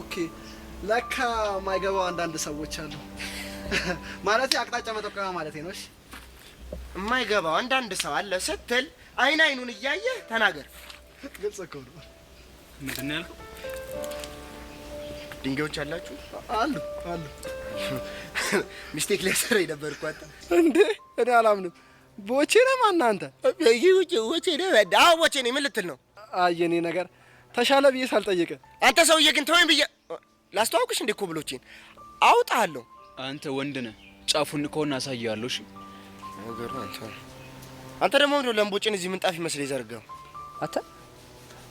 ኦኬ ለካ ማይገባው አንዳንድ ሰዎች አሉ። ማለት አቅጣጫ መጠቀማ ማለት ነው። እሺ የማይገባው አንዳንድ ሰው አለ ስትል አይን አይኑን እያየ ተናገር። ግልጽ እኮ ነው። ምንድን ነው ያልከው? ድንጋዮች አላችሁ? አሉ አሉ። ሚስቴክ ሊያሰራ ነበር እኮ እንዴ እኔ አላምንም። ቦቼ ነማ እናንተ? ቦቼ ነው። ቦቼ ነው። ምን ልትል ነው? አየኔ ነገር ተሻለ ብዬ ሳልጠየቀ አንተ ሰውዬ ግን ተወኝ ብዬ ላስተዋውቅሽ እንዴ ኮብሎቼን አውጣለሁ። አንተ ወንድ ነህ፣ ጫፉን ከሆነ አሳያለሁ። እሺ ነገሩ አንተ አንተ ደግሞ እንደው ለምቦጭን እዚህ ምንጣፍ ይመስል የዘረጋው አታ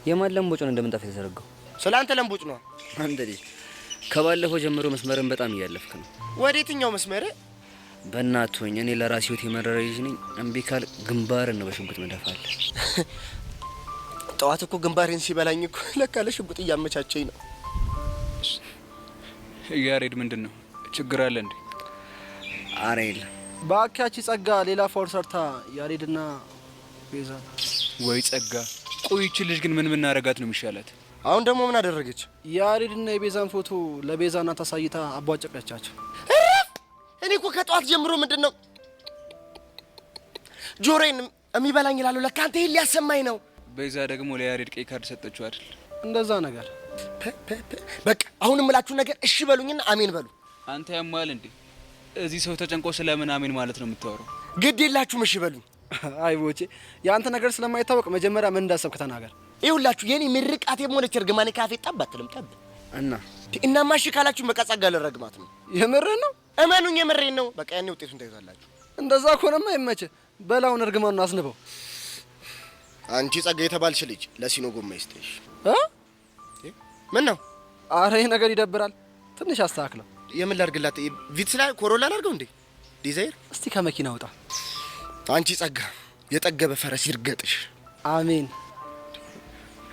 የማን ለምቦጭን እንደ ምንጣፍ የዘረጋው? ስለ አንተ ለምቦጭ ነው አንተ ልጅ። ከባለፈው ጀምሮ መስመርን በጣም እያለፍክ ነው። ወደ የትኛው መስመር? በእናቱኝ እኔ ለራሴ ህይወት የመረረ ልጅ ነኝ። እምቢ ካል ግንባር ነው በሽጉጥ መደፋለህ ጠዋት እኮ ግንባሬን ሲበላኝ እኮ ለካ ለሽጉጥ እያመቻቸኝ ነው። ያሬድ ምንድን ነው ችግር አለ እንዴ? አረ የለም በአኪያቺ ጸጋ ሌላ ፎር ሰርታ ያሬድና ቤዛ ወይ ጸጋ ቆይቺ ልጅ ግን ምን ምናረጋት ነው የሚሻላት? አሁን ደግሞ ምን አደረገች? የአሬድና የቤዛን ፎቶ ለቤዛና እናት አሳይታ አቧጨቀቻቸው። እኔ እኮ ከጠዋት ጀምሮ ምንድን ነው ጆሮዬን የሚበላኝ እላለሁ። ለካ አንተ ሊያሰማኝ ነው በዛ ደግሞ ለያሬድ ቀይ ካርድ ሰጠችው አይደል? እንደዛ ነገር በቃ አሁን የምላችሁ ነገር እሺ በሉኝና አሜን በሉ። አንተ ያማል እንዴ? እዚህ ሰው ተጨንቆ ስለምን አሜን ማለት ነው የምታወራው? ግድ የላችሁም እሺ በሉኝ። አይ ቦቼ፣ የአንተ ነገር ስለማይታወቅ መጀመሪያ ምን እንዳሰብክ ተናገር። ይኸውላችሁ የኔ ምርቃት የሆነች እርግማኔ ካፌ ጠብ አትልም ጠብ እና እናማ እሺ ካላችሁ በቃ ጸጋ ነው። የምርህ ነው? እመኑኝ የምሬን ነው። በቃ ያኔ ውጤቱን ታይዛላችሁ። እንደዛ ከሆነማ ይመችህ። በላውን እርግማኑን አስንበው። አንቺ ጸጋ የተባልሽ ልጅ ለሲኖ ጎማ ይስጥሽ። ምን ነው? አረ ይህ ነገር ይደብራል። ትንሽ አስተካክለው። የምን ላድርግላት? ላይ ኮሮላ ላድርገው እንዴ? ዲዛይር እስቲ ከመኪና ውጣ። አንቺ ጸጋ የጠገበ ፈረስ ይርገጥሽ። አሜን።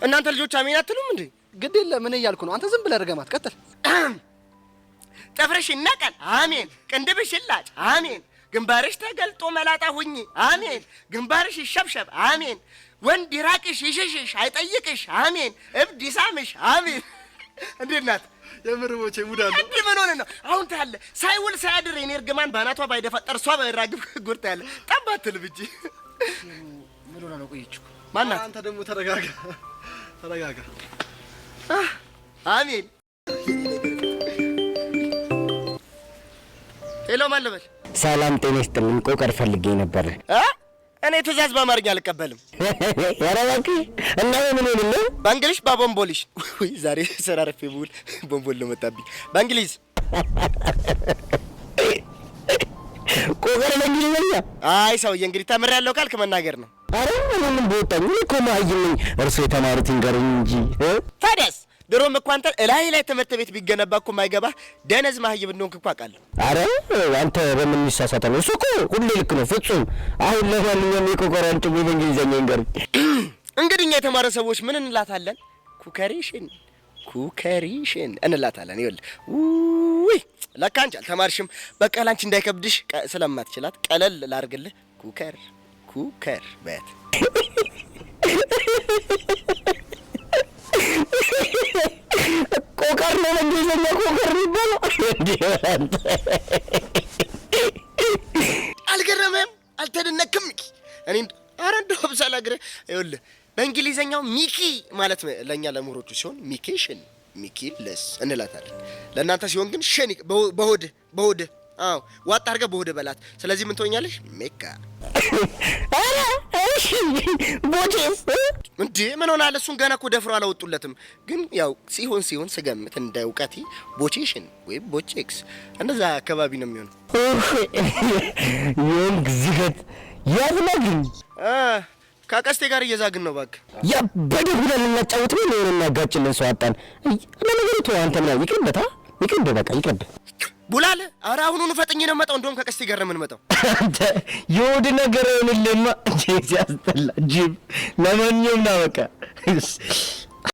እናንተ ልጆች አሜን አትሉም እንዴ? ግድ የለ ምን እያልኩ ነው? አንተ ዝም ብለህ ርገማት። ቀጥል። ጥፍርሽ ይነቀል። አሜን። ቅንድብሽ ይላጭ። አሜን። ግንባርሽ ተገልጦ መላጣ ሁኚ አሜን። ግንባርሽ ይሸብሸብ አሜን። ወንድ ይራቅሽ፣ ይሽሽሽ፣ አይጠይቅሽ አሜን። እብድ ይሳምሽ አሜን። እንዴት ናት? የምርቦቼ ሙዳ ነው። እንዲህ ምን ሆነ ነው አሁን ታለ ሳይውል ሳያድር የኔ እርግማን በአናቷ ባይደፈጠር እሷ በራግብ ጉርታ ያለ ጠባት ልብ እንጂ ምን ሆነ ነው? ቆየች እኮ አንተ ደግሞ ተረጋጋ፣ ተረጋጋ። አሜን ሄሎ ማለበል ሰላም ጤና ይስጥልኝ። ቆቀር ፈልጌ ነበር። እኔ ትእዛዝ በአማርኛ አልቀበልም። ኧረ እና ምን ሆነ ነው? በእንግሊሽ ባቦምቦሊሽ። ወይ ዛሬ ስራ ረፌ ብውል ቦምቦል ነው መጣብኝ። በእንግሊዝ ቆቀር በእንግሊዝኛ። አይ ሰውዬ፣ እንግዲህ ተምር ያለው ካልክ መናገር ነው። አረ ምንም በወጣኝ እኮ ማይም እርሱ የተማሩት ይንገሩኝ እንጂ ታዲያስ ድሮም እኮ አንተ እላይ ላይ ትምህርት ቤት ቢገነባ እኮ የማይገባ ደነዝ ማህይብ እንደሆንክ እኮ አውቃለሁ። አረ አንተ በምን ነው? እሱ እኮ ሁሌ ልክ ነው ፍጹም። አሁን ለማንኛውም የኮኮራን ጭቡ በእንግሊዘኛ ንገር። እንግዲህ እኛ የተማረ ሰዎች ምን እንላታለን? ኩከሪሽን ኩከሪሽን እንላታለን። ይወል ውይ ለካ አንቺ አልተማርሽም። በቃ ላንቺ እንዳይከብድሽ ስለማትችላት ቀለል ላርግልህ። ኩከር ኩከር በት አልገረመም? አልተደነክም? ሚኪ እኔ ኧረ እንደው አብዛላ ግረ ይኸውልህ፣ በእንግሊዘኛው ሚኪ ማለት ለእኛ ለምሁሮቹ ሲሆን ሚኬሽን ሚኪ ለስ እንላታለን። ለእናንተ ሲሆን ግን ሸኒ በሆድ በሆድ አዎ፣ ዋጥ አድርገህ በሆድ በላት። ስለዚህ ምን ትሆኛለሽ? ሜካ ቦቴስ እንዴ ምን ሆናል? እሱን ገና እኮ ደፍሮ አላወጡለትም። ግን ያው ሲሆን ሲሆን ስገምት እንደ እውቀቴ ቦቼሽን ወይም ቦቼክስ እንደዛ አካባቢ ነው የሚሆነው። ይህም ግዝፈት ያዝናግኝ ከቀስቴ ጋር እየዛግን ነው። ባክ። ያ በደብ ብለ ልናጫወት ነው የሆነ እናጋችን ሰው አጣን። ለነገሩ ተው አንተ ምና ይቅርብታ፣ ይቅርብ፣ በቃ ይቅርብ። ቡላል ኧረ አሁኑኑ ፈጥኝ ነው መጣው። እንደውም ከቀስቴ ጋር ምን መጣው? አንተ የሆድ ነገር ይሁንልማ። እንዴት ያስጠላ ጅብ። ለማንኛውም ና በቃ